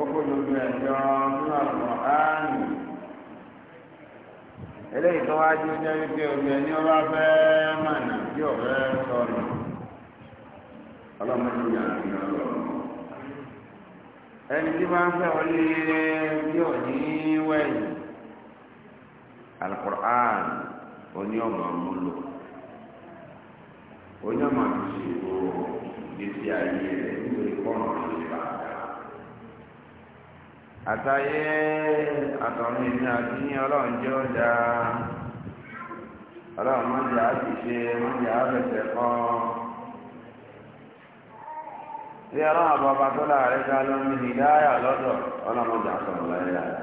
ó kó lójú ẹ̀jọ́ nínú àgbọ̀n áàmì eléyìí tó wáá jẹ́ jẹ́ wípé omi ẹni ọba fẹ́ mànà tí ọ̀rẹ́ sọ̀rọ̀ ọlọ́mọdé yà ń gbìyànjú ọlọ́run ẹni tí máa ń fẹ́ wọlé tí ò ní wẹ̀yìn alukur'an oní ọmọ múlò oní ọmọ àtúnṣe ìgbò ìgbésí ayé rẹ̀ nítorí kọ́ọ̀nù rẹ̀ àtayé àtọ̀run èmi àti yín ọlọ́run jẹ́ ó dáa ọlọ́run má jẹ́ àṣìṣe má jẹ́ àfẹsẹ̀ kan tí ọlọ́run àbọ̀bá tó láàrin ká ló ń ní dáyà lọ́dọ̀ ọlọ́run jà sọ̀rọ̀ láyé láyé.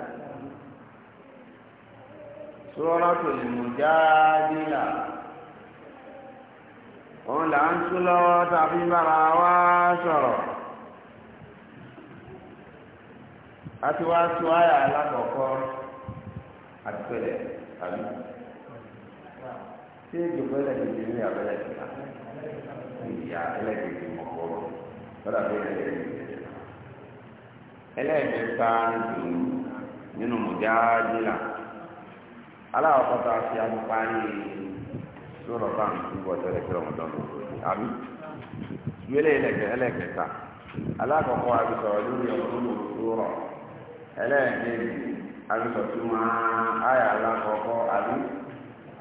Suratul Mujadila òun là ń tú lọ́wọ́ tàbí bára wá sọ̀rọ̀. àti wá tó àyà alákọ̀ọ́kọ́ àti pẹ̀lẹ́ àbí tí ìjọba ẹlẹ́gbẹ̀dẹ ní abẹ́lẹ̀ ìta ìyá ẹlẹ́gbẹ̀dẹ mọ̀kọ́rọ̀ lọ́dà bí ẹlẹ́gbẹ̀dẹ ẹlẹ́gbẹ̀ta dùn nínú mọ̀jáàjìlá aláwọ̀kọ́ta fi agbárí sọ̀rọ̀ bá ń túbọ̀ tẹ́lẹ̀ kí ọmọdé ọmọdé àbí ìwélé ẹlẹ́gbẹ̀ta alákọ̀ọ́kọ́ àbí sọ̀rọ̀ lórí ọmọdé ọmọdé ẹlẹ́ẹ̀kejì alùsọ̀túnmọ́ àyà alákọ̀ọ́kọ́ àbí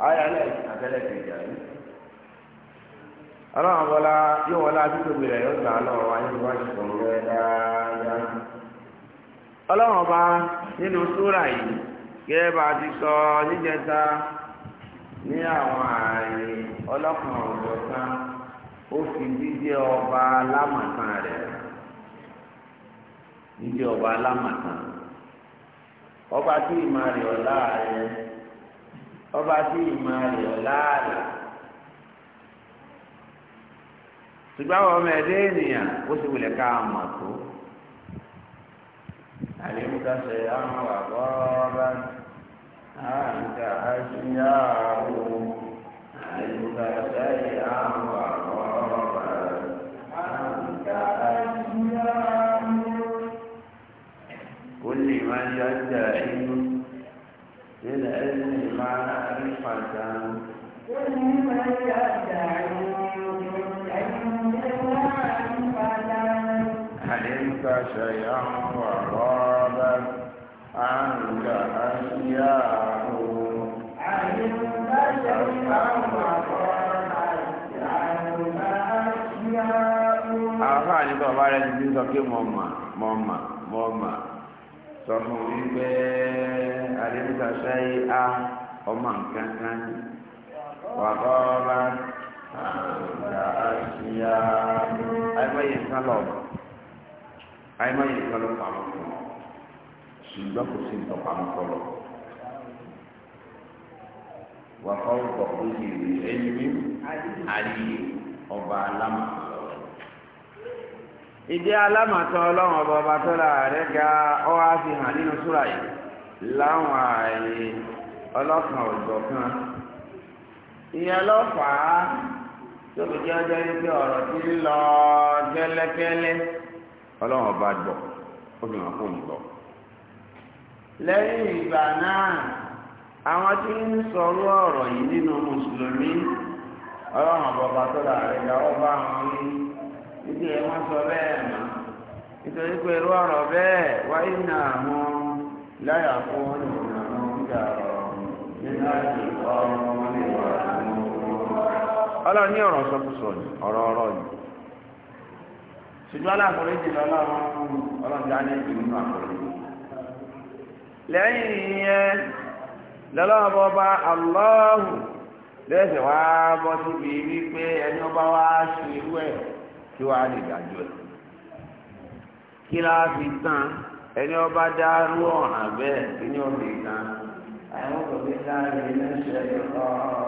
àyà àtẹ́lẹ̀kejì àbí. ọlọ́run bọ́lá yóò wọlé adúgbò rẹ̀ yóò gbà lọ́wọ́ wáyé wá ní àwọn ọlọ́kùnrin fi ọba rẹ̀ ọba tí ìmọ̀ rẹ̀ ọ̀ láàrin ọba tí ìmọ̀ rẹ̀ ọ̀ láàrin ṣùgbọ́n àwọn ọmọ ẹ̀dẹ́ ènìyàn ó sì wulẹ̀ ká àmọ̀ tó àlèmúkàṣẹ àwọn àbọ̀ ọba àǹkà àṣìyá àwọn àlèmúkàṣẹ àwọn àbọ̀. يدعي للعلم معرفة كل من يدعي علمت شيئا وغابت عنك أشياء علمت شيئا وغابت عنك أشياء أخاني بابا لازم تقول ماما ماما ماما sọ fún wípé àdébùtà sáyé á ọmọ nǹkan kan ní wàbọ̀ ọba àgbà àṣìyà àìmọye nǹkan lọ àìmọye nǹkan lọ pamọ́ ṣùgbọ́n kò sí nǹkan pamọ́ fún ọ wàkọ́ ọ̀pọ̀ òjì ẹ̀yìn mi àyè ọba alámọ̀. ìdí alámọ̀tán ọlọ́run ọba ọba tó láàárẹ̀ ga fi hàn nínú súra yìí láwọn ààyè kan ìyẹn ló fà á tóbi ọ̀rọ̀ ti ń lọ gẹ́lẹ́gẹ́lẹ́ ọlọ́run ọba gbọ́ ó fi hàn fún mi gbọ́ lẹ́yìn ìgbà náà àwọn tí ń sọ̀rọ̀ ọ̀rọ̀ yìí nínú mùsùlùmí ọlọ́run ọba ọba tó ga ọba àwọn níbi ẹ̀ wọ́n sọ bẹ́ẹ̀ mọ́ nítorí pé irú ọrọ bẹ́ẹ̀ wáyé nà àwọn láyà fún ọ̀nà ọrụ nínú àjùkọ ọrụ ọrụ ọlọ́run ní ọ̀rọ̀ sọkúsọ ni ọ̀rọ̀ ọrụ ni ṣùgbọ́n aláàkọ̀rẹ́ jìnnà ọlọ́run ọlọ́run dání ìlú àkọ̀rẹ́ lẹ́yìn ìyẹn lọ́lọ́wọ́ bá aláhùn lẹ́sẹ̀ wá bọ́ síbi wípé ẹni ọba wá ṣe irú kí wàá lè dájọ́ ẹ̀. kí fi tán ẹni ọba dárú ọ̀ràn bẹ́ẹ̀ kí ni ó lè tán. àwọn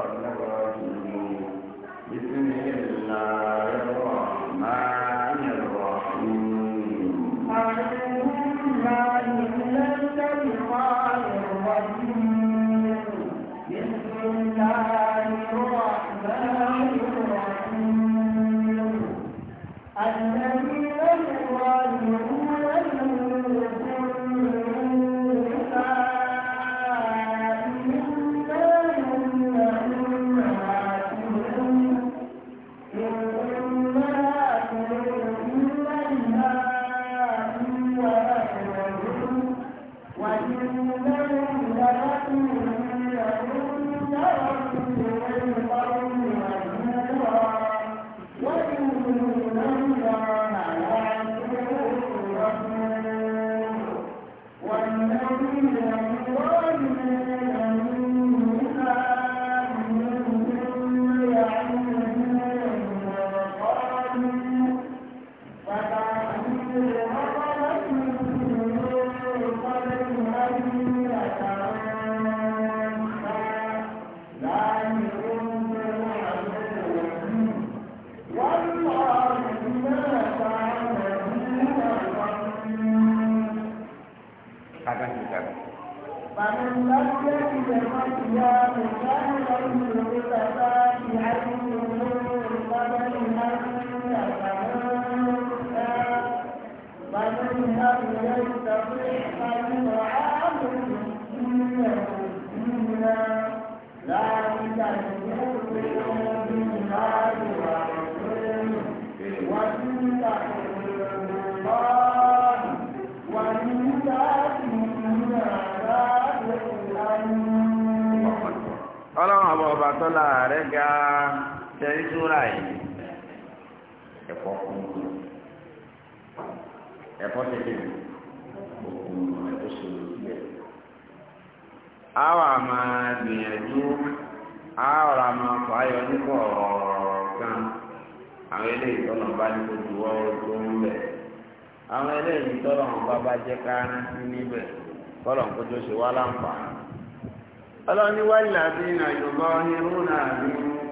ọlọ́ni wàlàdínà yọ̀bọ̀ nírúnà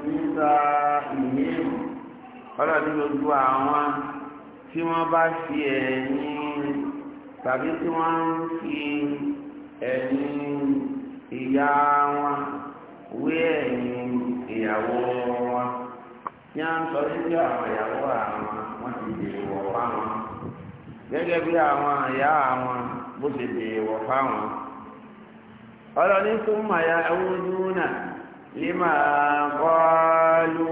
nígbà ìhìn ọlọ́ni gbogbo àwọn tí wọ́n bá fi ẹ̀yìn tàbí tí wọ́n ń fi ẹ̀yìn ìyá wọn wé ẹ̀yìn ìyàwó wọn tí a ń sọ níbi àwọn ìyàwó àwọn wọ́n ti fáwọn gẹ́gẹ́ bí àwọn ọlọ́ni ya màyà ẹwọ́dúnà lè máa kọlu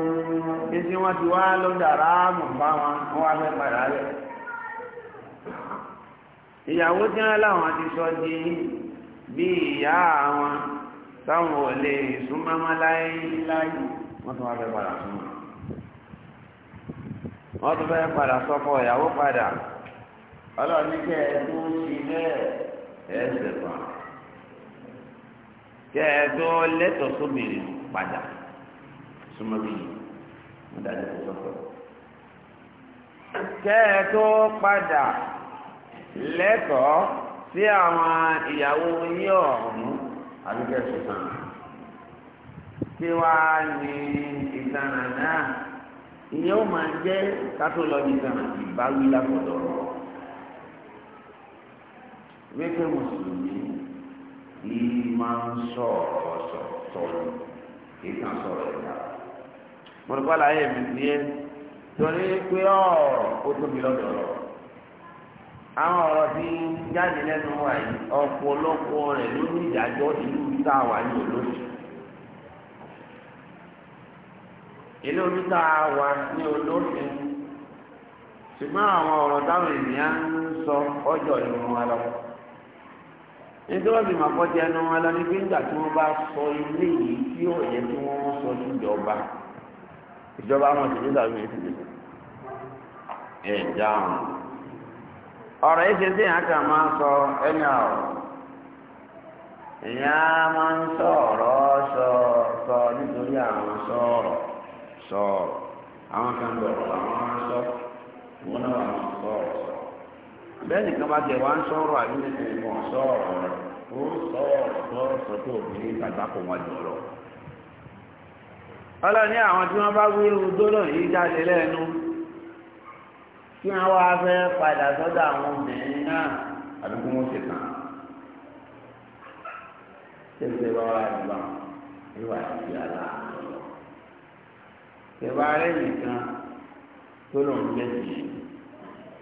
títí wọ́n ti wá ló dára mọ̀ bá wọn wá fẹ́ padà rẹ̀ ìyàwó tí wọ́n láwọn ti sọ di bí ìyá àwọn táwọn ò lè súnmọ́mọ́ wọ́n tún wá wọn fẹ́ padà sọ́kọ̀ ìyàwó padà ọlọ́ni kẹ́ ẹ̀ tó ń ṣe kẹ́ẹ̀tọ́ lẹ́tọ̀ sóbìnrin padà súnmọ́bìnrin mo dájú tó sọ́kọ̀. kẹ́ẹ̀tọ́ padà lẹ́tọ̀ sí àwọn ìyàwó yín ọ̀hún àbíkẹ́ sọ̀tàn. kí wàá ní ìtànà náà ìyẹn ó máa jẹ́ kátó lọ nìkan ìbáwí lápọ̀dọ̀ rọ̀ wípé mùsùlùmí ìmọ̀ sọ̀rọ̀ sọ̀tọ̀rọ̀ kìí kan sọ̀rọ̀ ẹ̀dá. mo ní pàlà ayé mi ti yé torí pé ọ̀rọ̀ ó tóbi lọ́dọ̀ lọ. àwọn ọ̀rọ̀ tí jáde lẹ́nu wa yìí ọ̀pọ̀lọpọ̀ rẹ̀ ló ní ìdájọ́ ìlú tá a wà ní olóṣù. ìlú mi wà ní olóṣù ṣùgbọ́n àwọn ọ̀rọ̀ táwọn ènìyàn ń sọ ọjọ́ ìlú wọn lọ́wọ́ nítorí wọn fi máa kọ́ jẹ́ ẹnu wọn lọ ní gbígbà tí wọ́n bá sọ ilé yìí tí ó yẹ kí wọ́n sọ síjọba ìjọba wọn sì ní sàbí mi síbi ẹ̀ dáhùn ọ̀rọ̀ yìí ṣe sí àkà máa ń sọ ẹni àwọ̀ ìyá máa ń sọ̀rọ̀ sọ sọ nítorí àwọn sọ̀rọ̀ sọ̀rọ̀ àwọn kan bẹ̀rọ̀ àwọn sọ wọn náà wà sọ̀rọ̀ sọ bẹ́ẹ̀ nìkan bá tẹ̀ wá ń sọ̀rọ̀ àbí nìkan mọ̀ sọ̀rọ̀ ó sọ̀rọ̀ sọ̀rọ̀ sọ̀tọ̀ obìnrin tàgbà kò wọ́n jọ lọ. ọlọ́ni àwọn tí wọ́n bá wí irú dólò yìí jáde lẹ́nu kí wọ́n wá fẹ́ padà sọ́dọ̀ àwọn obìnrin náà àbí kí wọ́n ṣe tẹ́sẹ̀ bá wà nígbà níwà sí aláàánú lọ. tẹ̀ rẹ̀ nìkan tó lòún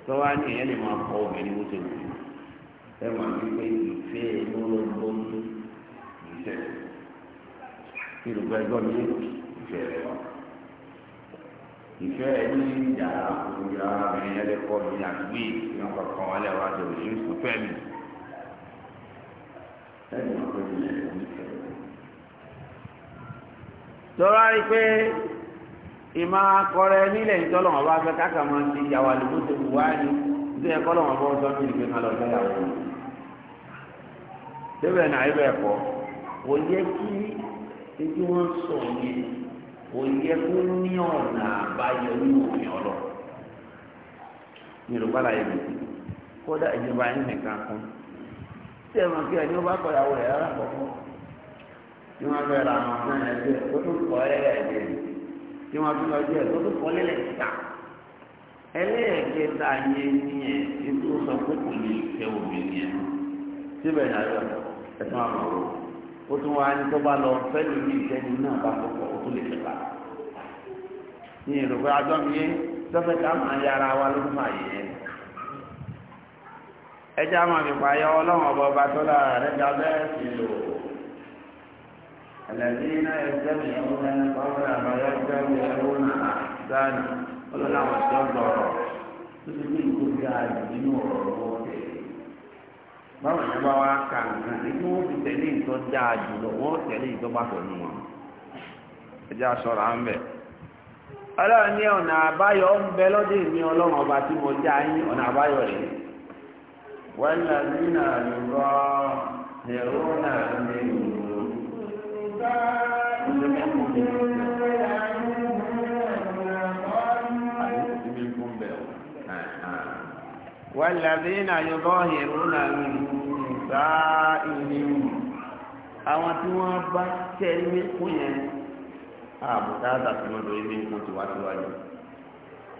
tọ́wá ní ìyẹn ma máa kọ obìnrin bó ṣe ẹ máa ní pé ìfẹ́ inú ló ń bọ́ ìfẹ́ kí ló gbẹ́ gbọ́ ní ìfẹ́ rẹ̀ wá. ìfẹ́ ní ìjà òkúta obìnrin lè kọ́ mi àdúgbò yìí òṣèlú mi. ìmọ̀ akọrẹ nílẹ̀ ìtọ́lọ́wọ́n bá fẹ́ káka máa ti yàwá lè mọ́tò wá ní tó yẹ kọ́lọ́wọ́n bá sọ ní ìgbé kan lọ́jọ́ yàwó. débẹ̀ náà ibẹ̀ kọ́ kò yẹ kí etí wọn sọ yẹn kò yẹ kó ní ọ̀nà àbáyọ ní òfin ọlọ. yorùbá kódà ìjọba yín nìkan kún tí kí bá kọ ìyàwó rẹ̀ rárá kọ̀ọ̀kan tí wọ́n tún lọ jẹ́ ẹ̀tọ́ tó kọ́ lẹ́lẹ̀ ta ẹlẹ́ẹ̀kẹta yẹn ni ẹ̀ tí tó sọ pé kò lè fẹ́ obìnrin yẹn síbẹ̀ yàrá ẹ̀tún àmọ̀ ó tún wá ní tó bá lọ fẹ́ lórí ìtẹ́ni náà bá kọ́kọ́ ó tún lè fẹ́ bá ní èrò pé ajọ́ ká máa yára wa ló máa yẹ ẹjẹ́ àmọ̀ mi pààyọ ọlọ́run ọba ọba tó lára rẹ̀ ga bẹ́ẹ̀ الذين يتبعون القول ويتبعون أحسنه قل báwo ni bá wá nǹkan tẹ̀lé ìtọ́ dáa jùlọ tẹ̀lé ìtọ́ bá tọ̀ wọn ẹjẹ́ ń bẹ̀. ọlọ́run ní ọ̀nà ń bẹ lọ́dẹ̀ ọlọ́run ọba tí mo já yín ọ̀nà rẹ̀. ẹ̀rọ náà wàlàdínà yọ̀bọ̀ ìrúnà nìta ìlú àwọn tí wọ́n bá tẹ́lẹ̀ fún yẹn àbùká àtàkùnmọ́dọ̀ ilé ìlú ti wá síwájú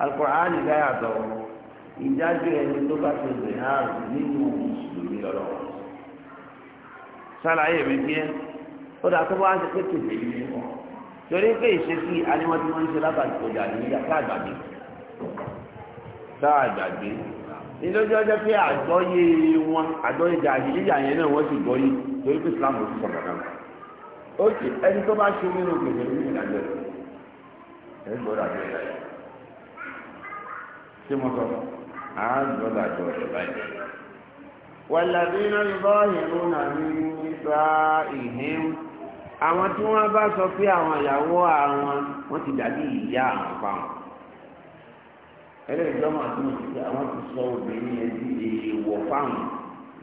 alkùnrin dáyàtọ̀ ìdájọ́ ẹni tó bá ti rìn àrùn nínú mùsùlùmí ọlọ́wọ́ sálàyé mi kí ẹ́ ó dà tó wá ń ṣe pé kèfé yìí ni wọn torí pé ìṣesí anímọ́tí wọ́n ń ṣe lábàtì ọjà ní yàtá àgbàgbé tá àgbàgbé nítorí ọjọ́ pé àjọyé wọn àjọyé jàhìlíyà yẹn náà wọ́n sì gbọ́yé torí pé Islam ò sí sọ̀kàkà ó kì ẹni tó bá ṣe nínú gbèsè nínú ìdájọ́ rẹ̀ ẹ̀ gbọ́dọ̀ àjọ rẹ̀ ṣé mo sọ à ń gbọ́dọ̀ àjọ rẹ̀ báyìí. wàlàbí náà lọ́ọ̀hìn lónà àwọn tí wọ́n bá sọ pé àwọn ìyàwó àwọn wọ́n ti dàbí ìyá àwọn fáwọn ẹlẹ́yìn tó máa tún sí àwọn ti sọ obìnrin yẹn di èèwọ̀ fáwọn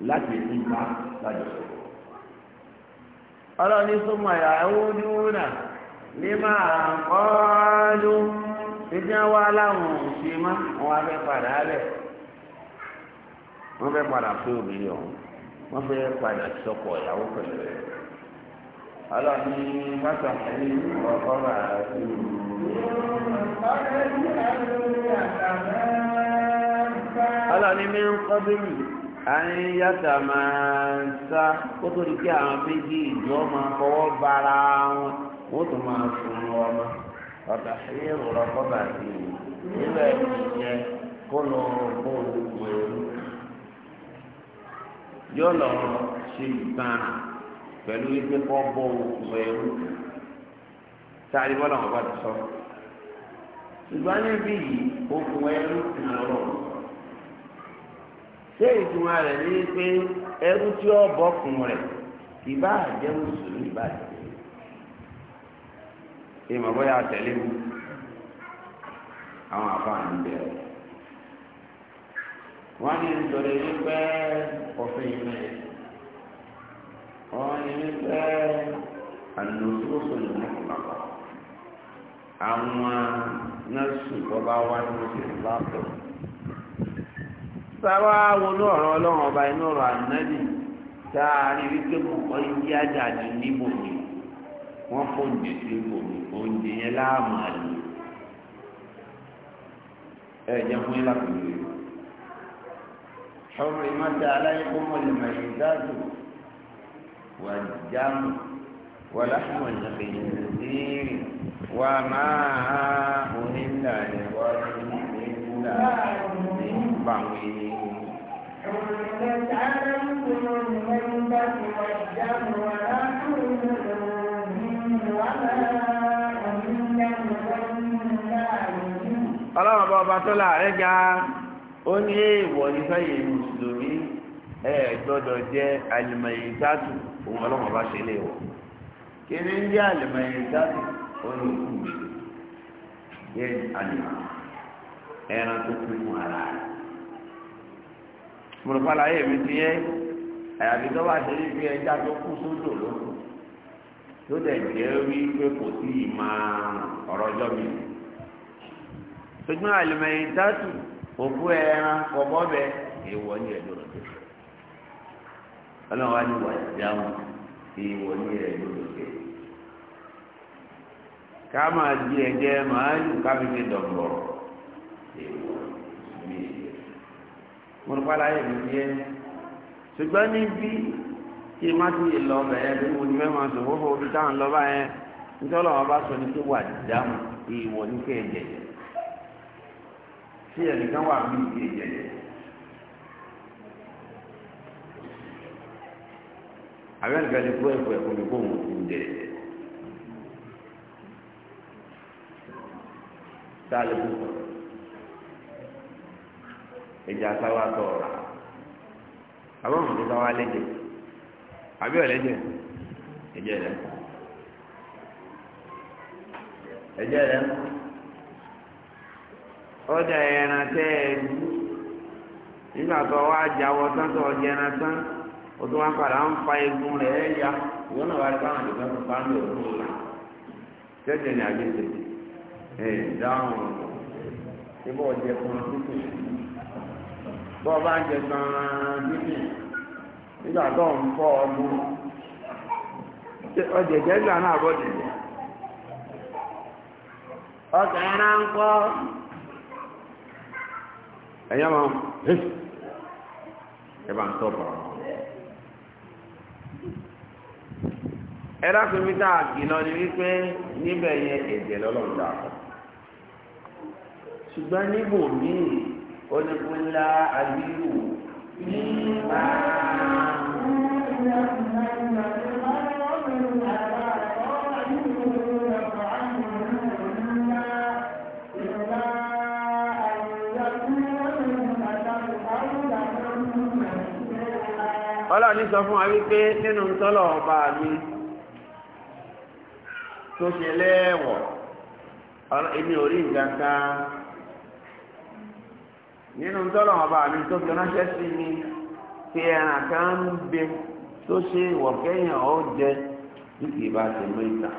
láti ní bá lájọ sọ̀rọ̀. súnmọ́ ìyàwó ní ní máa kọ́ ló wá láwọn òṣè má wọn fẹ́ padà ọlọ́ni mọ́tò ẹ̀rí ọ̀kọ́rọ̀ àti ọlọ́ni mi ń kọ́ bíbí àyìn yàtà máa ń sá kó tó di pé àwọn méjì ìjọ máa fọwọ́ bara wọn wọ́n tún máa sun ọmọ ọ̀dà ẹ̀rí ọ̀kọ́rọ̀ àti ìwé ìjẹ kó lọ bó olùkọ́ yóò lọ ṣe ìgbà pẹ̀lú ipe kọ́ bọ́ òkú ẹrú sáré bọ́lá wọn bá ti sọ. ṣùgbọ́n níbí yìí òkú ẹrú ti lọ́rọ̀. ṣé ìtumọ̀ rẹ̀ ní pé ẹrú tí ó bọ́kùn rẹ̀ kì bá jẹ́ mùsùlùmí báyìí. ìmọ̀ bóyá àtẹ̀lé mu àwọn àfáàní bẹ̀rẹ̀. wọ́n ní nítorí wípé ọ̀fẹ́ yìí náà wọ́n ní wípé àlùsùsù ní mọ̀kànlá àwọn nọ́ọ̀sù tó bá wá ní oṣù látọ̀ sábà wọnú ọ̀rọ̀ ọlọ́run ọba inú ọ̀rọ̀ ànábì tá wípé mọ̀kọ́ yí ajá ní níbòmí wọ́n fóúnjẹ sí ibòmí oúnjẹ yẹn láàmú àlè ẹ̀ fún yín lápẹ̀lẹ́ حرمت عليكم الميتات والجمر ولحم الخنزير وما أهل لغير الله من بعيد حرمت عليكم الميتة والدم ولحم الخنزير وما ọlọ́run bá ọba tó láàrẹ́ ga ó ní èèwọ̀ nífẹ̀ẹ́ yìí mùsùlùmí ẹ̀ gbọ́dọ̀ jẹ́ àlùmọ̀yìntàtù òun ọlọ́mọ bá ṣe lé wọ kíni ń jẹ́ àlùmọ̀ ẹ̀yìn dáàbò ọ̀nà òkú mi jẹ́ àlùmọ̀ ẹran tó kún fún ara rẹ̀ mùrùpàlà yẹ mi ti yẹ àyàfi tó bá ṣe ní fi ẹja tó kú sódò lóko tó dẹ̀ jẹ́ wí pé kò sí ìmọ̀ ọ̀rọ̀ mi ṣùgbọ́n àlùmọ̀ ẹ̀yìn dáàbò òkú ẹran kọ̀ọ̀bọ̀ bẹ èèwọ̀ ní ẹ̀dọ́ tó ṣe ọlọ́run wá ní wà ìdáhùn ìwọ ní ẹ̀ lọ́dọ̀ kẹ́ ká máa di ẹ̀jẹ̀ màálù káfíńtì dọ̀gbọ̀ ìwọ mi mo ní pàdé ayé mi yẹ ṣùgbọ́n níbí kí má ti lè lọ bẹ̀rẹ̀ bí mo ní fẹ́ máa sọ fófó bí táwọn lọ bá yẹn nítorí àwọn bá sọ ní kí wà ìdáhùn ìwọ ní kẹ́ ẹ̀jẹ̀ tí ẹnìkan wà Habían que le pueden pues con un poco de Dale puto. Ella estaba toda. Àwọn òmìnir tó wá léde. Àbí ọ̀lẹ́dẹ̀. Ẹ̀jẹ̀ Ọjà ẹran ẹ nígbà tó wá ọjà ẹran ó tún wá padà ń fa egun rẹ̀ ẹ́ ya ìwọ náà wá rí báwọn àdìgbà tó bá ń lò ó tẹ́tẹ̀ ní ẹ̀ dáhùn títì ọ bá ń jẹ kan títì nígbà tó ń fọ́ náà bọ́ ń kọ́ mọ́ ẹ bá ń tọ́ ẹ̀rọ àfẹ́mítà àgbìnà ni wípé níbẹ̀ yẹn ẹ̀jẹ̀ lọ́lọ́run dà kọ́ ṣùgbọ́n níbò míì ó ní kó ńlá àbíyù nígbà ọlọ́ọ̀ni sọ fún wa wípé nínú tọ́lọ̀ ọba mi. tó ṣe lẹ́wọ̀ èmi ò rí nínú tọ́lọ̀ ọba mi tó fi ránṣẹ́ sí mi ẹran kan ń bẹ tó ṣe ìwọ̀ kẹ́yìn ó jẹ bí kì í bá ṣe mú ìta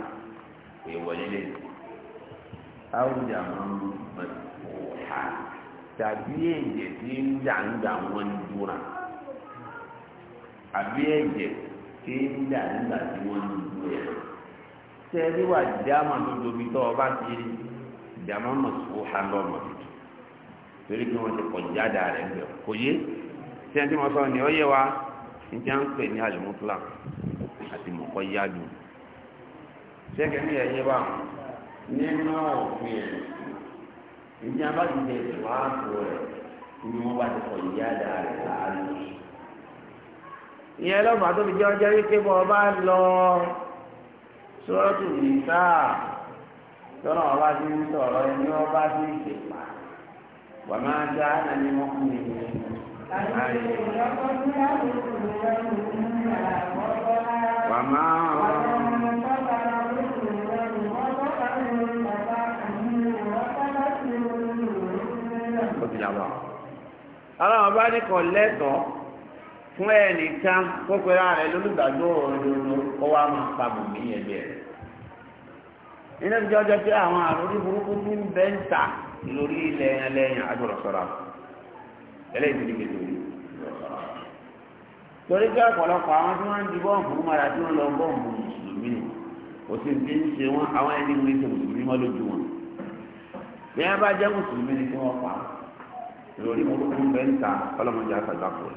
èèwọ̀ nílé tàbí tí ń wọn ń àbí tí ń tí ń sẹ́ẹ̀rí wà dáàmà tó dobi tó ọba ti rí sùkú ha lọ́mọ tuntun torí pé wọ́n ti pọ̀ jáde rẹ̀ ń kò yé sẹ́ẹ̀rí wọn sọ ni ó yẹ wa ní tí a pè ní alimutla àti mọ̀kọ́ ní wa nínú òfin ẹ̀ ní tí a bá ti tẹ̀ ni lọ. sọ́ọ̀tù nìta tọ́nà ọba ti ń sọ̀rọ̀ ẹni ọba ti ń ṣèpà wà máa dá ẹni mọ́kùnrin mi. wà máa ọlọ́run ọba ní kò lẹ́tọ̀ọ́. fún ẹnìkan tó pera rẹ̀ lólùgbàdúró òdodo ó wá máa pa bùnmí ẹgbẹ́ rẹ̀ nínú ìjọjọ pé àwọn àròrí burúkú ní ń bẹ́ ń tà lórí ilẹ̀ ẹlẹ́yìn agbọ̀rọ̀ sọ̀rọ̀ ẹlẹ́yìn tó ní kejì orí torí pé ọ̀pọ̀lọpọ̀ àwọn tí wọ́n ń di bọ́ọ̀mù mara tí wọ́n lọ bọ́ọ̀mù mùsùlùmí nù kò sí ti ń ṣe wọn àwọn ẹni wọn mùsùlùmí mọ́ lójú wọn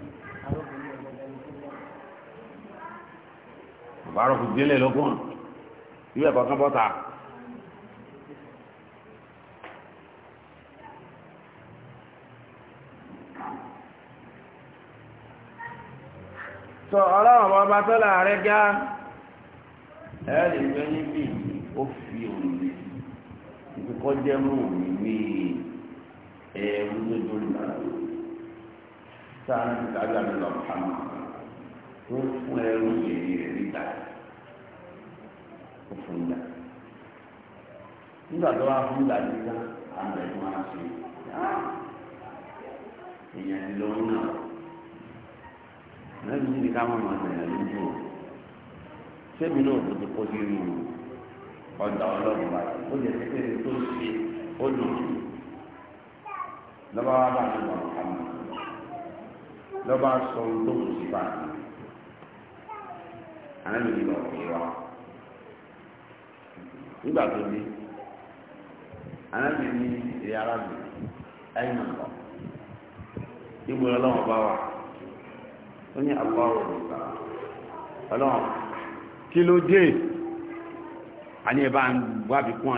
pààrọ̀ kò délé lọ́gbọ̀n ìwé ẹ̀kọ́ kan bọ́ta sọ ọlọ́run ọba tó láàrẹ́ gá ẹ̀rì ìgbẹ́ níbi ó fi òní ìkókọ́ jẹ́ mú òní ní ẹ̀rù lójú ìgbà sáà ní kájà ní lọ́pàá tó fún ẹrù yẹ̀yẹ̀ rí dáa. ó fún ìgbà nígbà tó wá fún ìgbà tó tán àwọn máa ṣe ah, èèyàn ti lọ́wọ́ náà lẹ́yìn ní ká má máa tẹ̀lé lójú o sẹ́mi náà tó ti kó sínú ọjà ọlọ́run báyìí ó jẹ́ sẹ́mi tó ṣe ó dùn jù lọ́ba wa bá lọ́ba sọ ohun tó kù sí àná nígbà tó dé anábì ní èyí arábì ẹ̀yìn ọkọ ibo Ọlọ́run bá wà ó ní àbúrò nígbà Ọlọ́run kí ló dé àní ẹ bá ń wábi kún ọ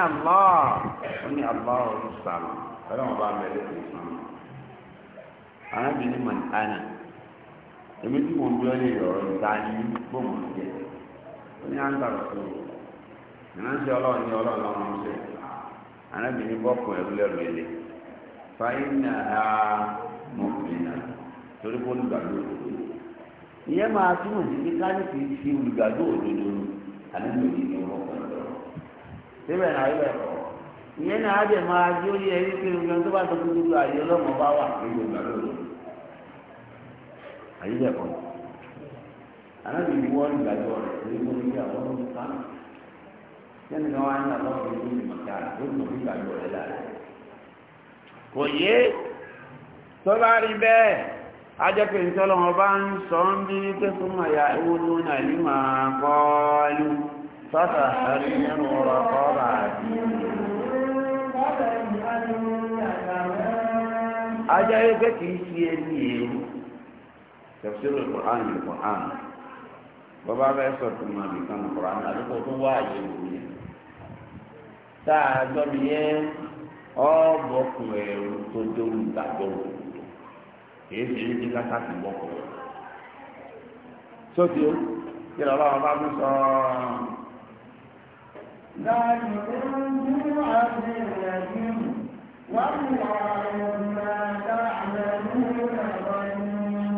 ní Allah ó ní Allah ọ̀rọ̀ sàmà ọlọ́run bá mẹ́lẹ̀ fún sàmà arábìnrin mọ̀ ní àná èmi tí mo ń bí ọlẹ́ ọ̀rọ̀ ìta ní gbòmù jẹ ó ní àǹtà ọ̀sùn ìránṣẹ́ ọlọ́run ní ọlọ́run lọ́wọ́ ń ṣe arábìnrin bọ́kùn ẹ̀rú lẹ́rù ẹ̀lẹ́ fáyínà á mọ̀kùnrin torí bó ń gbàgbé òdodo ìyẹn máa túmọ̀ sí pé káyọ̀ kì í olùgbàgbé òdodo àdúgbò yìí ni ọlọ́kùnrin síbẹ̀ náà ibẹ̀ kọ̀ ìyẹn náà á jẹ́ máa yí ó yẹ ẹni pé omi tó bá tọ́jú gbogbo àyè ọlọ́mọ bá wà nínú ìgbà lóru àyè bẹ̀ kọ̀ alábi wọ́ ìgbàjọ rẹ̀ lórí omi bí àwọn ọmọ ká yẹn nìkan wá ní àwọn ọmọ ìlú ìmọ̀ká ó nù ìgbàjọ rẹ̀ lára kò yé tó bá rí bẹ́ẹ̀ ajẹ́pẹ̀ ìtọ́lọ́wọ́ bá ń sọ ń bí pé fún màyà ewu lónà فتحرير رقبة أجايك كيسيني تفسير القرآن بالقرآن bàbá bẹ sọtù mà bí kan kura ní àdúgbò tó wá àyè wò yẹn tá a gbọ́dọ̀ yẹ ọ̀bọ̀kùn ẹ̀rù tó dóhùn ìgbàgbọ́ wò kìí ṣe ní kíkà sáàtì bọ̀kùn ẹ̀rù. kí lọ́wọ́ bá mú sọ ọ́.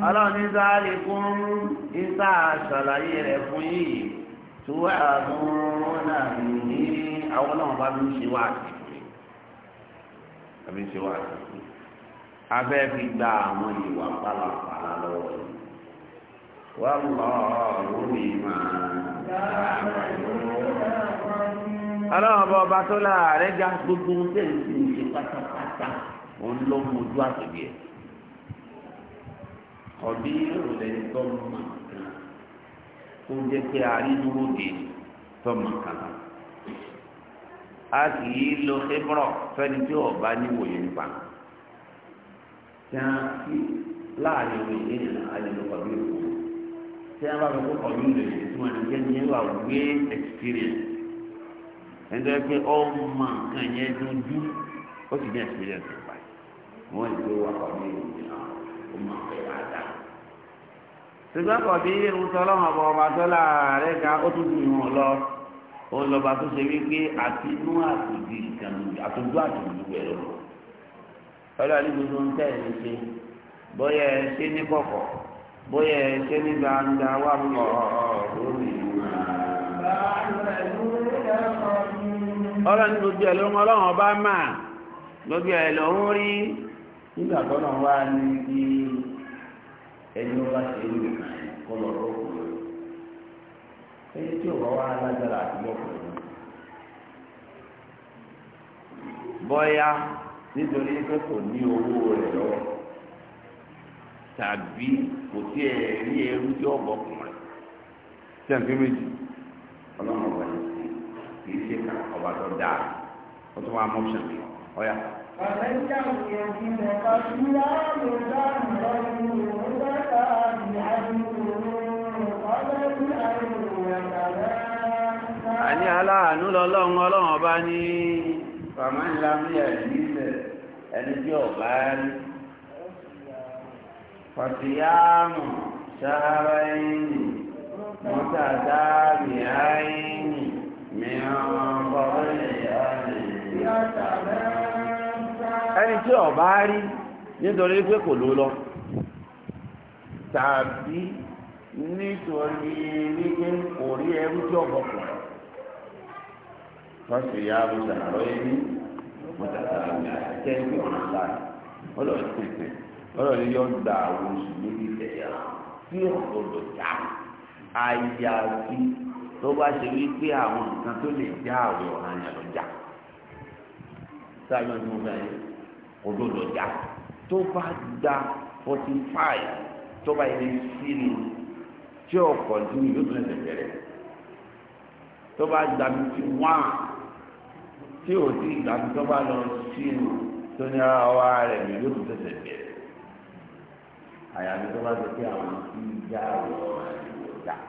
aláwọ̀ní záàlì fún isa àṣàlàyé rẹ̀ fún yìí tó wà fún àmì ní àwọn náà bá ń ṣe wà àbí ṣe wà abẹ́ fi gba àwọn ìwà pálapàla lọ́wọ́ yìí wọ́n lọ́ọ́ lórí màá dáhùn ọlọ́run bá ọba tó láàárẹ̀ ga gbogbo ohun tẹ̀lé sí ìṣe pátápátá òun ló mú ojú àtòbí ẹ̀ ọ̀bí ìrọ̀lẹ́ tọ́mọ kan tó jẹ́ pé àrídúró dé tọ́mọ kan a kì í lo hebron fẹ́ni tí ọba níwòye nípa tí a fi láàrin òye ènìyàn ayélujára bí òkú tí a bá fi kó kọ̀ọ̀yún lè ṣe tí wọ́n ti jẹ́ ní ẹ̀rọ àwùjọ experience ẹni tó yẹ pé ọmọ nǹkan yẹn dojú ó sì ní experience nípa ẹ̀ wọ́n lè gbé wàkọ̀ ní ìròyìn àwọn ọmọ ọ̀fẹ́ dáadáa. ṣùgbọ́n kò bí irun tọ́lọ́mọ ọba ọba tó láàárẹ̀ ga ó tún ju ìwọ̀n lọ òun lọ́ba tó ṣe wípé àtinú àtòjú ìkànnì àtòjú àtòjú ẹ̀ lọ́wọ́ ọlọ́ọ̀ni gbogbo ń tẹ̀ ẹ́ ṣe bóyá ẹ ṣe ní kọ̀kọ̀ bóyá ẹ ṣe ní gbangba wà lọ́ọ̀ọ́ ọlọ́ni gbogbo ẹ̀ ló ń ọlọ́run ọba m,a gbogbo ẹ̀ ló ń rí nígbà tó náà wá ní bí ẹni ọba ṣe ń lò kọ́ lọ́rọ́ ọkùnrin ẹni tí ọba wá lágbára àti nítorí pé kò ní owó tàbí kò sí ẹ̀rí ẹrú tí kì í ṣe kà ọba tó dáa ó tún wá mọ́ṣán mi ọ̀yà. Bàbá ìjà òkè òkè mẹ́ta sí láàrú dáhùn lọ́dún ìwọ̀n bá àní aláàánú lọ́lọ́run ọlọ́run ọba ní fàmáìlámíà nílẹ̀ ẹni tí ọba rí fàtíyàmù sáárá ẹ̀yìn mọ́tàdáàmì ayé ẹni tí ọba rí nítorí pé kò ló lọ tàbí nítorí wípé kò rí ẹrú tí ọbọ kù fásitì ya mùsàlárọ ẹni mùsàlárọ ní àtẹ ẹgbẹ ọ̀nà láì ọlọ́ọ̀ni pèsè ọlọ́ọ̀ni yọ gba àwọn oṣù méjì tẹ̀yà tí ọ̀gbọ̀dọ̀ já àyàfi tó bá ṣe wípé àwọn nǹkan tó lè já àwẹ̀ ọ̀ràn yẹn lọ já sáyẹn mo fẹ́ òdodo já tó bá da forty five tó bá yẹ sílù tí ọkọ̀ ní yóò tún lè bẹ̀rẹ̀ tó bá da fifty one tí ò sí ìgbà tó bá lọ sílù tó ní ara wa rẹ̀ yóò tún lè bẹ̀rẹ̀ àyàfi tó bá ti pé àwọn tí já àwẹ̀ ọ̀ràn yẹn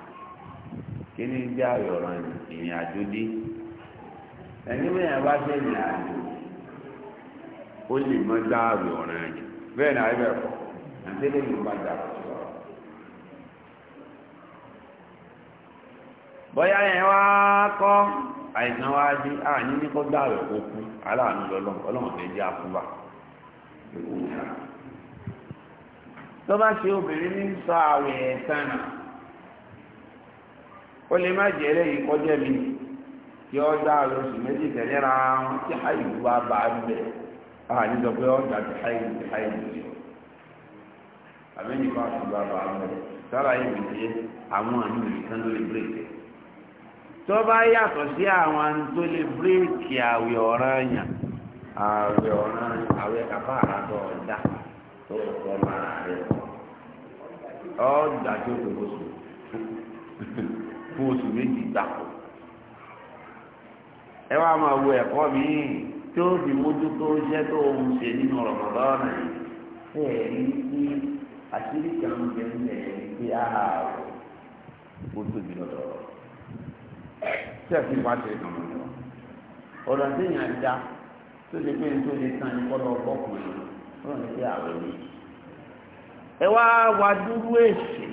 kíní jẹ́ àyọ̀rọ̀ ìrìn àjò dé ẹni mẹ́rin bá ṣe ìrìn àjò ó lè mọ́ gbá àyọ̀rọ̀ yẹn bẹ́ẹ̀ ni àyẹ̀bẹ̀ kọ́ àti lẹ́yìn bá jà kọ́ sọ̀rọ̀. bóyá yẹn wá kọ́ àìsàn wá dé àní ní kó gbá àwẹ̀ kó kú aláàánú lọ́lọ́run ọlọ́run fẹ́ jẹ́ àkúbà tó bá ṣe obìnrin ní sọ àwẹ̀ ẹ̀ sẹ́nà. ó lè má jẹ́ lẹ́yìn kọjá mi kí ọ dá oṣù méjì tẹ̀lé ra wọn tí àìlú wa bá ń bẹ̀ a ní sọ pé ọjà ti àìlú ti àìlú yọ àbí nípa àṣùgbà bá ń bẹ̀ sára yìí mi àwọn àyùn nìkan ló lè bírèkì tó bá yàtọ̀ sí àwọn tó lè fún oṣù méjì gbàpọ̀ ẹ wá máa wo ẹ̀kọ́ míì tí ó fi mójútó iṣẹ́ tó ń ṣe nínú rọ̀mọ̀dọ́nà yìí ẹ̀ rí sí àṣírí kan jẹ́ ẹ̀ pé ààrùn ó tóbi lọ́dọ̀ tí ẹ̀sìn wá ṣe kàn mọ́ lọ. ọ̀rọ̀ tí èèyàn dá tó lè pé tó lè tán ìkọlọ ọgọ́kùnrin ọ̀rọ̀ ní pé ni. ẹ wá wá dúró èṣì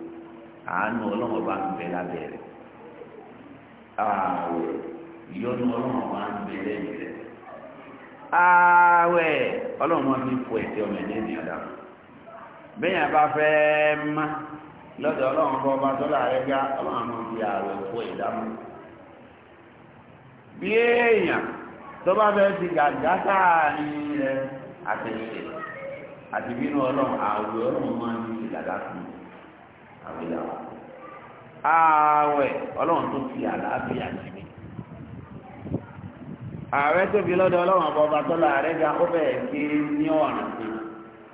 àánú ọlọ́wọ́n bá ń bẹ ààwẹ̀ ìyọnu bá ń bẹ lẹ́yìn ààwẹ̀ ọlọ́wọ́n máa fi fọ ẹ̀tẹ́ ọmọ ẹ̀dẹ́ ní ọ̀dà fẹ́ má lọ́dọ̀ bá ọba tó gá ọlọ́wọ́n máa fi ààwẹ̀ fọ ìdámú bí èèyàn tó bá fẹ́ ti àbílà ààwẹ̀ ọlọ́run tó fi àlàáfíà sí mi ààrẹ tó fi lọ́dọ̀ ọlọ́run àbọ̀bà tọ́lá ààrẹ ga ó bẹ̀rẹ̀ sí ní ọ̀ràn sí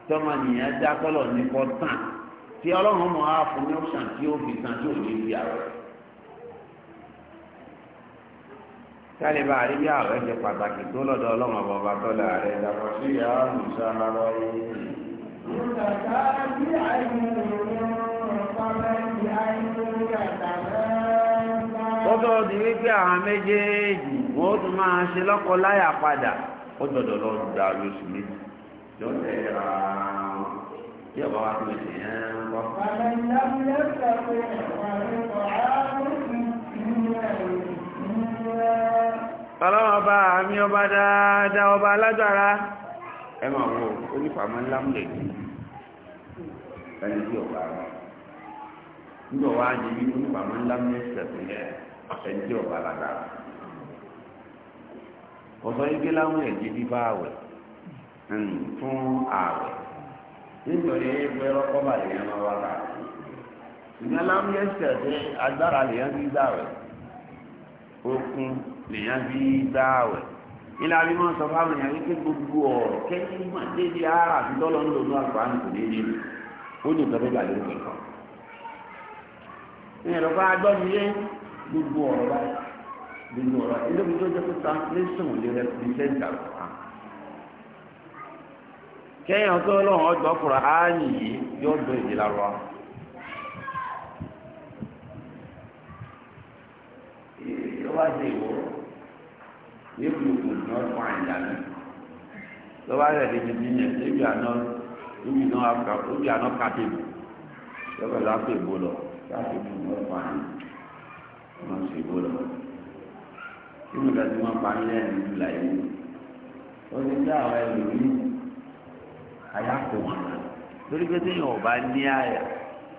tọ́mọ nìyẹn já kọ́lọ̀ ní kọ́ tàn tí ọlọ́run mọ̀ á fún ní ọ̀sán tí ó fi tàn tí ò ní fi ààrẹ. sáré bá a rí bí ààrẹ ṣe pàtàkì tó lọ́dọ̀ ọlọ́run àbọ̀bà tọ́lá ààrẹ dàpọ̀ sí ìyá àrùn sára lọ́yìn. tó di wípé àwọn méjèèjì wọ́n tún máa ṣe lọ́kọ láyà padà ó gbọ́dọ̀ lọ gba lóṣù méjì lọ́sẹ̀ ra tí ọba wa tún ṣe yẹn ń kọ́. ẹni tí rẹ̀ ńlá ẹni ọba ọsọ ike láwọn ẹjẹ bíbá àwẹ fún àwẹ nítorí pé ọkọba lèèyàn máa wá kà ìgbà láwọn ẹsẹ pé agbára fi dá okun fi dá ilé abimọ sọ gbogbo dédé ara àti tọlọ ń ó ní ìtọ́jú ìgbàlódé kan. gbogbo ọ̀rọ̀ báyìí gbogbo ọ̀rọ̀ eléyìí tó jẹ́ pé translation lè represent àkùrán kẹ́yìn tó lọ́wọ́ ọjọ́ kura áyì yìí yóò do èdè lárọ́ lọ́wọ́ àti ìwọ yóò fi ògùn náà fún mi bí àná lọ́wọ́ àti ìbò lọ fún wọ́n sì bó lọ. Kí mo dàtí wọ́n parí lẹ́nu ju láyé mi. Ó ti dá àwọn ẹlòmíì àyà kò wọ́n. Lórí pé téèyàn ò bá ní àyà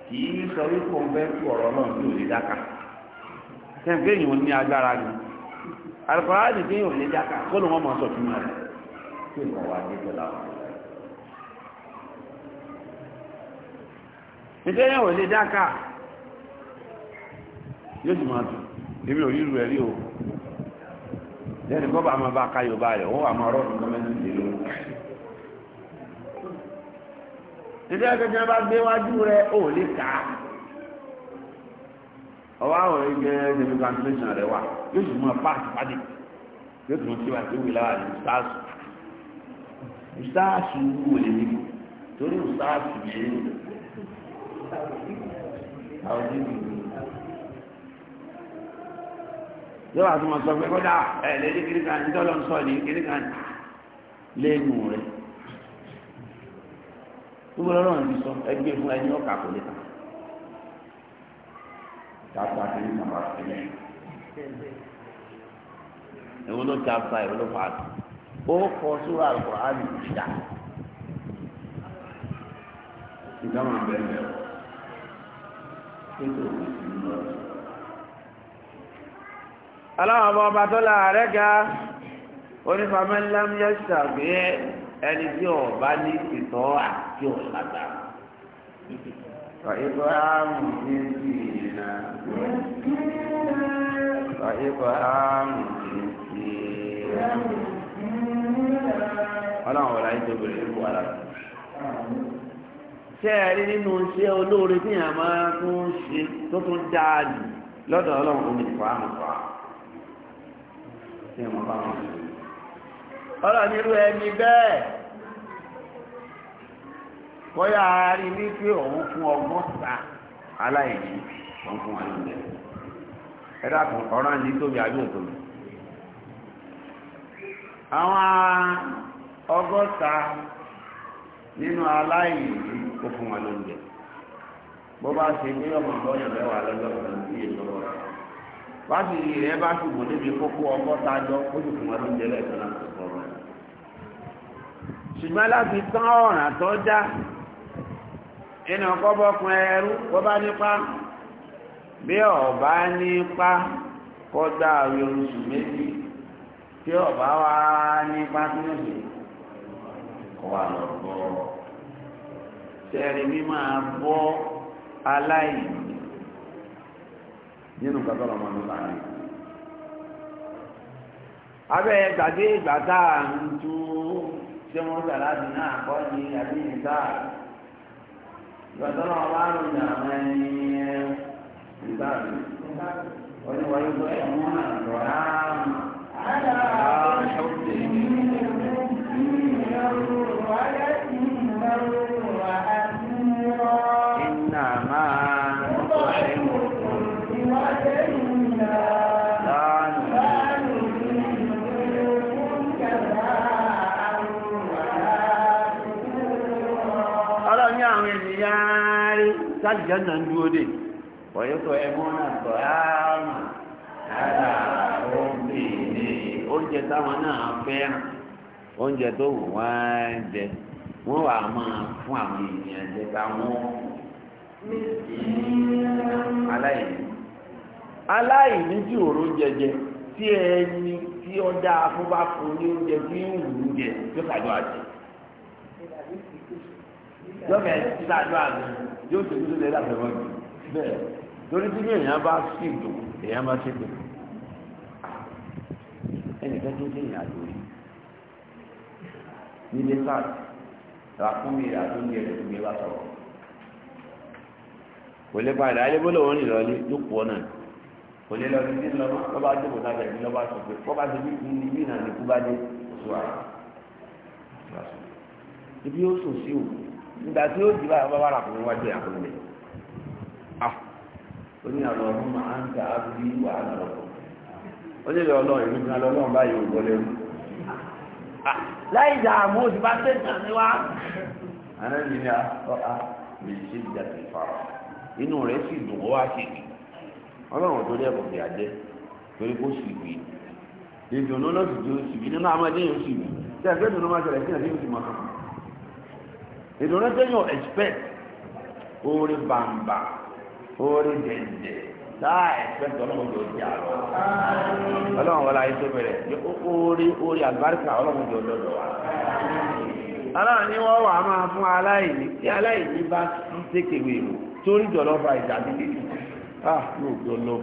kì í sọ wípé òun fẹ́ ọ̀rọ̀ náà ní òní dáka. ní agbára ni. Àlùkòrò àti pé ní dáka kó ló wọ́n máa sọ fún mi. Kí wá dáka. yóò sì máa dùn èmi ò rírù ẹ̀rí o lẹ́nu kọ́ bá bá ká yorùbá ó àmọ́ ọ̀rọ̀ nǹkan mẹ́rin lè lò. títí akẹ́kẹ́ bá gbé wájú rẹ̀ ó lè kà á ọwọ́ àwọn ẹgbẹ́ ẹgbẹ́ translation rẹ̀ wà yóò sì máa pàṣẹ pàdé yóò tún ti wá sí wíwá rẹ̀ ṣáàṣù wù lè ní torí yìí àwọn yóò wá tó máa sọ pé kódà ẹ̀ lẹ́ni kiri kan ní tọ́lọ́ ń sọ ní kiri kan lẹ́nu rẹ̀ gbogbo ọlọ́run ti sọ ẹgbẹ́ fún ẹni ọkà kò lè ta tàbá ti ní tàbá ti ní ìwọ ló tàbá ìwọ ló fà tó ó kọ sórí àlùkò aláwọn ọba tó láàrẹ́ ga onífàmẹ́lẹ́m yẹ́sà pé ẹni tí ò bá ní ìtọ́ àti ọ̀làdà Ibrahim ní ti ìrìnà. Ibrahim ní ti ìrìnà. Ọlọ́run wọ̀lá yìí tó bèrè ìlú wa láti. Ṣé ẹ nínú iṣẹ́ olóore tí yàrá máa tún ṣe tó tún dáa jù lọ́dọ̀ Ọlọ́run omi ìfọ̀ àmọ̀fọ̀ ní ọmọ bá ọ̀rọ̀ nírú ẹni bẹ́ẹ̀ rí ní pé òun fún ọgọ́ta aláìní òun fún wọn lóúnjẹ ẹ ọ̀rọ̀ ní tóbi àbí òtóbi àwọn ọgọ́ta nínú aláìní ó fún wọn lóúnjẹ bó bá ṣe ọmọ ọgbọ́n lẹ́wà sí fásitì rẹ bá ṣùgbọ́n débi kókó ọkọ a ó sì fún wọn lóúnjẹ lẹ́ẹ̀kan láti sọ̀rọ̀ ṣùgbọ́n láti tán ọ̀ràn tó já ẹnì ọkọ bọ́kun ẹrú kó bá nípa bí ọba nípa kọjá àwọn oṣù méjì tí ọba wá nípa tí ó sì kọ wà lọ bọ́ ṣẹ́rí mímọ́ bọ́ aláìní nínú kàtọ́rọ̀ ọmọ nípa rẹ̀. abẹ́ gbàgbé ìgbà ń tú ṣé wọ́n sàláàdì náà kọ́ ni àbí ìta táàlì jẹ́ náà ń dúró dé ọ̀yọ́tọ̀ ẹ̀mọ́ náà sọ ààrùn ara omi ni oúnjẹ táwọn náà fẹ́ràn oúnjẹ tó wù wọ́n jẹ wọ́n wà máa fún àwọn ènìyàn jẹ táwọn aláìní aláìní tí òró jẹjẹ tí ẹni tí ó dáa fún bá fún ní oúnjẹ tí ń wù ú jẹ tó kàdó àjẹ lọ́fẹ̀ẹ́ tí kàdó àjẹ yóò tẹ̀lé tó lẹ́yìn àtẹ̀wọ́ jù bẹ́ẹ̀ torí tí èèyàn bá sì dùn èèyàn bá sì dùn ẹnìkan tó dé ìrìn àjò yìí nílé láti ra fún mi ìrìn àjò ní ẹ̀rẹ̀ tó gbé bá sọ̀rọ̀ kò lè padà alébólò wọn ìrọ̀lẹ́ yóò pọ̀ náà kò lè lọ sí sí lọ́mọ lọ́ba jókòó náà bẹ̀rẹ̀ lọ́ba sọ pé kọ́ bá ti bí ní bí náà ní kú bá dé oṣù àrà ibi yóò sùn sí òkú nígbà tí ó jìbá àwọn bàbá ràkùnrin wájú àkùnrin rẹ̀ ó ní àwọn ọmọ máa ń ta abúlé wà á ó lè lọ ọlọ́run ìlú ní alọ́lọ́run báyìí ò gbọ́ lẹ́rú ah! láì dààmú òsì bá tẹ̀sán ni wá anáyí ni a lè ṣe ìjàpè fara inú rẹ̀ sì dùn ó wá sí ibi ọlọ́run tó dẹ́ bọ̀dẹ̀ àjẹ́ torí kó sì wí ìdùnnú lọ́sì tó sì wí nínú àmọ́dé yóò sì wí tí àgbẹ̀ máa ṣẹlẹ̀ sí àdéhùn ìdùnnú tẹ́yàn expect orí bàǹbà orí dẹ̀dẹ̀ táà expect ọlọ́mọdé òjì àlọ́ ọlọ́mọ wọlé ayé tó bẹ̀rẹ̀ orí orí àlùbáríkà ọlọ́mọdé òjòdò wa. aláàní wọ́n wà máa fún aláìní tí aláìní bá ń tẹ́kẹ̀wé rò torí jọ̀lọ́ fa ìjà dídí ah yóò gbé ọlọ́mọ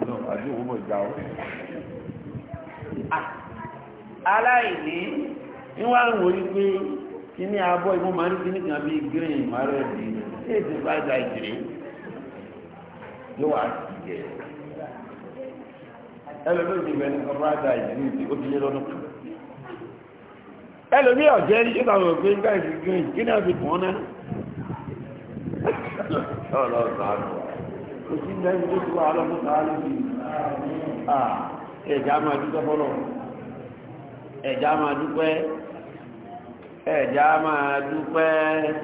ọlọ́mọ àti òun mọ̀ ìjà ọ. Ah, aláìní ni wọ́n á ń wọlé pé. kíní abọ́ ìmú máa ń kíní kan bíi green márùn ẹ̀dì èsì fáìdà yóò wá sí jẹ ẹlòmíì ti bẹni kan fáìdà ìjìrì ti ó ti lé lọ́dún kan ẹlòmíì ọ̀jẹ́ ní ṣẹ́ta àwọn òfin ká ìsì green kíní ọ̀sìn na. náà kò ẹ̀já máa dúpẹ́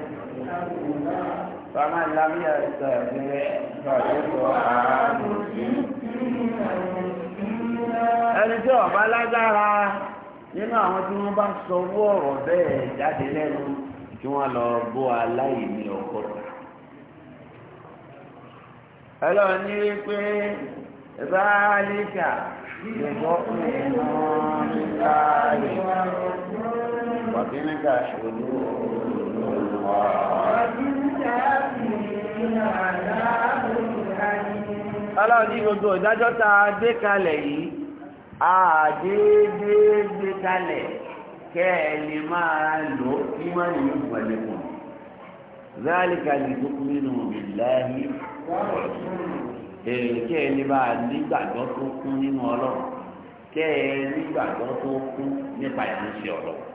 fama lábíyà sàgbé fàdúkọ̀ ààrùn ẹni tí ọba lágbára nínú àwọn tí wọ́n bá sọwọ́ ọ̀rọ̀ bẹ́ẹ̀ jáde lẹ́nu tí lọ bó aláìní ẹlọ ní wípé وتلك حدود الله Ọlọ́run ní gbogbo ìdájọ́ tá a gbé kalẹ̀ yìí, àdéédé gbé kalẹ̀ kẹ́ ẹ lè máa lò kí wọ́n lè yóò wọlé tó kún nínú ọlọ́run. Kẹ́ ẹ tó kún nípa ìránṣẹ́ ọlọ́run.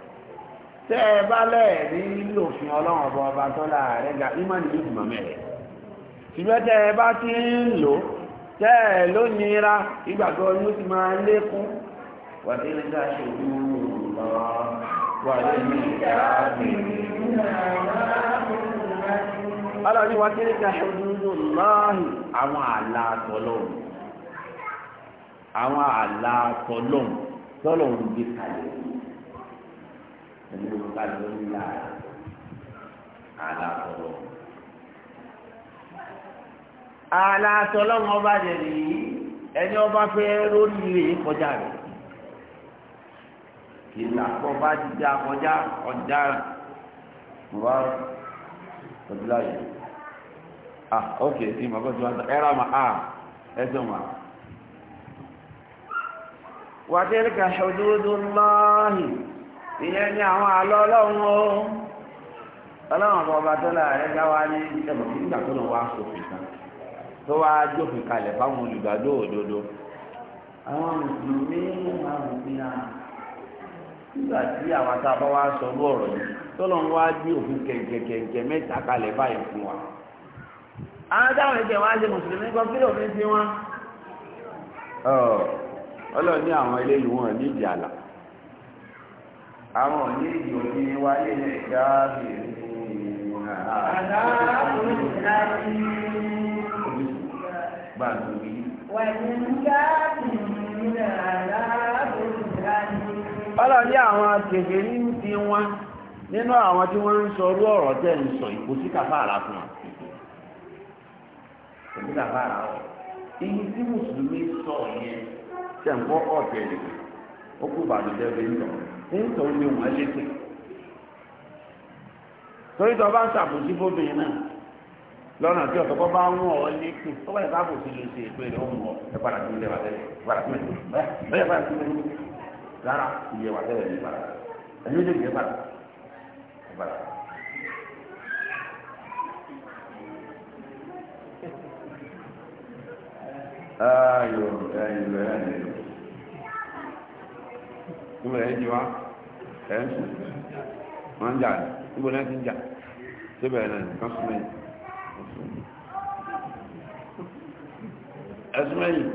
tẹ́ ẹ bá lẹ́ẹ̀rí lòfin ọlọ́run ọba ọba tó láàrẹ́ ga imani yóò ẹ bá ń lò tẹ́ ló nira ìgbàgbọ́ ni ó ti máa lékún wà sí ilé dáa ojú àwọn àlà ẹni ló ká ló ní láàyè àlàtọ̀lọ́. àlàtọ̀lọ́ wọn bá jẹ nìyí ẹni ọba fẹ́ lórí rẹ̀ kọjá rẹ̀ kìlà kọ́ bá ti dá kọjá ọ̀daràn wá ọ̀dúnlá yìí. ah ok ti ma bọ́sí wọn ẹ̀rọ ma ah ẹ̀sùn ma. wàtí ẹ̀ríkà ṣòdúdú ìyẹn ní àwọn àlọ́ ọlọ́run o ọlọ́run ọba ọba tó láàrin dá wa ní ìjọba kí nígbà tó wá sófin kan tó wá jófin kalẹ̀ fáwọn olùgbàdo òdodo àwọn mùsùlùmí máa ń fi hàn nígbà tí àwọn tá a bá wá sọ bó ọ̀rọ̀ yìí tó lọ wá gbé òfin wa àwọn táwọn ṣe mùsùlùmí kan kí wọn. àwọn eléyìí wọn àwọn méjì òní wáyé lè gáàbì Ọlọ́dí àwọn kèfèrí ń fi nínú àwọn tí wọ́n ń sọ orú ọ̀rọ̀ tẹ́ ń sọ ìkò sí kàfàrà fún wọn. Kò sí kàfàrà ọ̀. Iye tí Mùsùlùmí sọ yẹn tẹ̀ ń kọ́ ọ̀tẹ̀ ó kú ń nítorí omi wọ́n lépè torí tó bá ń sàbòsí fóbìnrin náà lọ́nà tí ọ̀tọ̀kọ́ bá ń wọ̀ ọ́ lépè tó bá yẹ sábòsí lè ṣe ìpè rẹ̀ ọ̀hún ọ̀ ẹ padà tún ilé wa tẹ́lẹ̀ padà tún ilé bẹ́ẹ̀ padà tún ilé rárá ilé wa tẹ́lẹ̀ ní padà ẹni ó lè gbé padà ẹ padà. Ayọ̀ ẹ̀yìn lọ́yà níbo lẹ́yìn ti wá ẹ̀ ń sùn wọ́n ń jà ní níbo lẹ́yìn ti ń jà síbẹ̀ náà nǹkan sùn mẹ́yìn ẹ̀sùn mẹ́yìn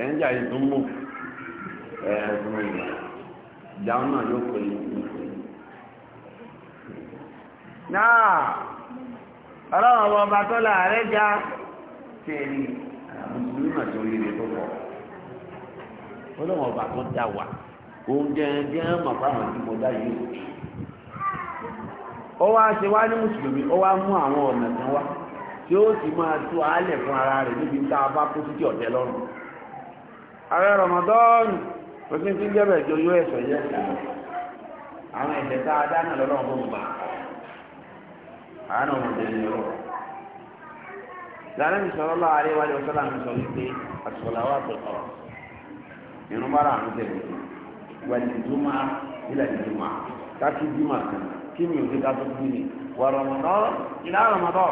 ẹ̀ ń jà yìí tó ń mú ẹ̀sùn mẹ́yìn ìjà náà yóò pè é náà ọlọ́run ọba tó láàárẹ̀ já tèrè àwọn mùsùlùmí àti oríire tó pọ̀. ọlọ́wọ́n ọba kan dá wa òun gẹ́gẹ́ mọ̀ tí mo dá yìí ó wá ṣe wá ní mùsùlùmí ó wá mú àwọn ọ̀nà kan wá tí ó sì máa tú àálẹ̀ fún ara rẹ̀ níbi tá a bá kó sí ti ọ̀tẹ́ lọ́rùn ààrẹ rọmọdọ́ọ̀nù òfin tí ń jẹ́bẹ̀ jọ yóò ẹ̀sọ̀ yẹ àwọn ẹ̀sẹ̀ tá a lọ́wọ́ àríwájú ọ̀sọ́lá mi sọ wípé irun mara àrùn tẹ̀lé wẹ̀lì jùmọ̀ ilẹ̀ jùmọ̀ kákí jùmọ̀ kan kí mi ò dé kátó bí mi wà rọmọdọ́ ilẹ̀ rọmọdọ́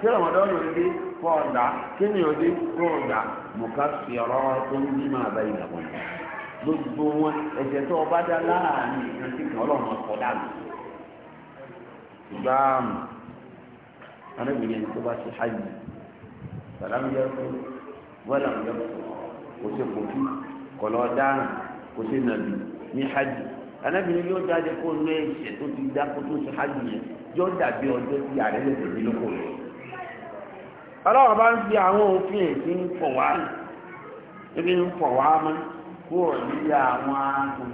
kí rọmọdọ́ yóò dé kó ọ̀dà kí mi ò dé kó mo ká fi ọ̀rọ̀ tó ń bí bá gbogbo wọn ẹ̀jẹ̀ tó ọba dá láàrin ìrántí kan ọlọ́run dànù gbáàmù arábìnrin tó bá ti hajj sàlámù yẹ kó wọ́n yẹ kọ̀lọ̀ kò sí nàbì ní hajj yóò jáde kó lọ ẹ̀ṣẹ̀ tó ti dá kó tó ṣe hajj yẹn yóò dàbí tí ààrẹ lè tẹ̀lé lóko rẹ̀ ọlọ́wọ́ bá ń fi àwọn òfin èsì ń pọ̀ wá ebi ń pọ̀ wá mọ́ kúrò àwọn àwọn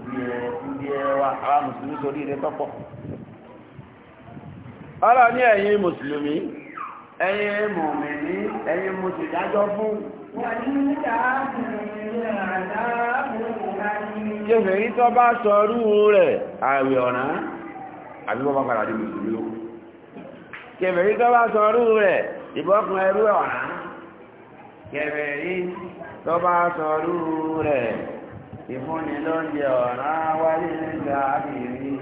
mùsùlùmí sórí rẹ̀ tọ́pọ̀ ní mùsùlùmí mùsùlùmí Kèfèrí tó bá sọrú rẹ̀ àwẹ̀ ọ̀nà àbí bọ́ padà di Mùsùlùmí ó. Kèfèrí tó bá sọrú rẹ̀ ìbọ́kùn ẹrú ọ̀nà. Kèfèrí tó bá sọrú rẹ̀ ìfúnni ló ọ̀nà wáyé nígbà àbìrí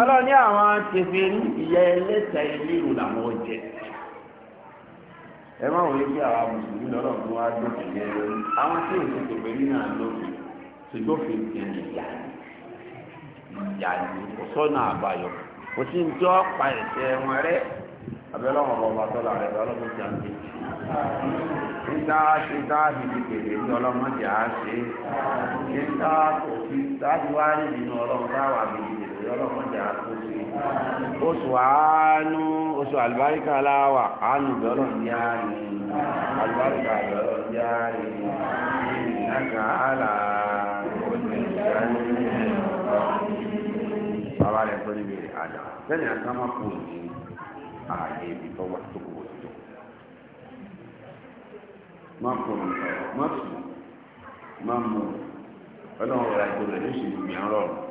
Ọlọ́ni àwọn ẹ má wọlé bí àwa mùsùlùmí lọ́rọ̀ tó wá dókè yẹ lórí àwọn tí ò ti tòpé nínú àlófin ṣùgbọ́n fi tẹ̀lé ìyá ni ìyá ni kò sọ́nà àbáyọ kò sí ní tí wọ́n pa ẹ̀ṣẹ̀ wọn rẹ́ abẹ́lẹ́ wọn bọ̀ bá tọ́lá rẹ̀ lọ́lọ́ tó ti à ń gbé. níta ṣe tá a fi kékeré ní ọlọ́mọdé àá ṣe níta kò sí tá a fi wá rí nínú ọlọ́run ìrọlọ́mọdé àkóso oṣù àánú oṣù àlùbáríkà aláwà àánú ìrọlọ́ ní àárín àlùbáríkà ìrọlọ́ ní àárín ìnáka àlà òṣèlú ìdáni bàbá rẹ̀ tó níbi àjà sẹ́ni àkámá kù ní ààyè ibi tó wà tó kù òṣìṣẹ́ mọ́kùnrin mọ́sùn mọ́mú ọlọ́run ọ̀rọ̀ àgbọ̀dọ̀ ló ṣe ìgbìyànjú rọrùn.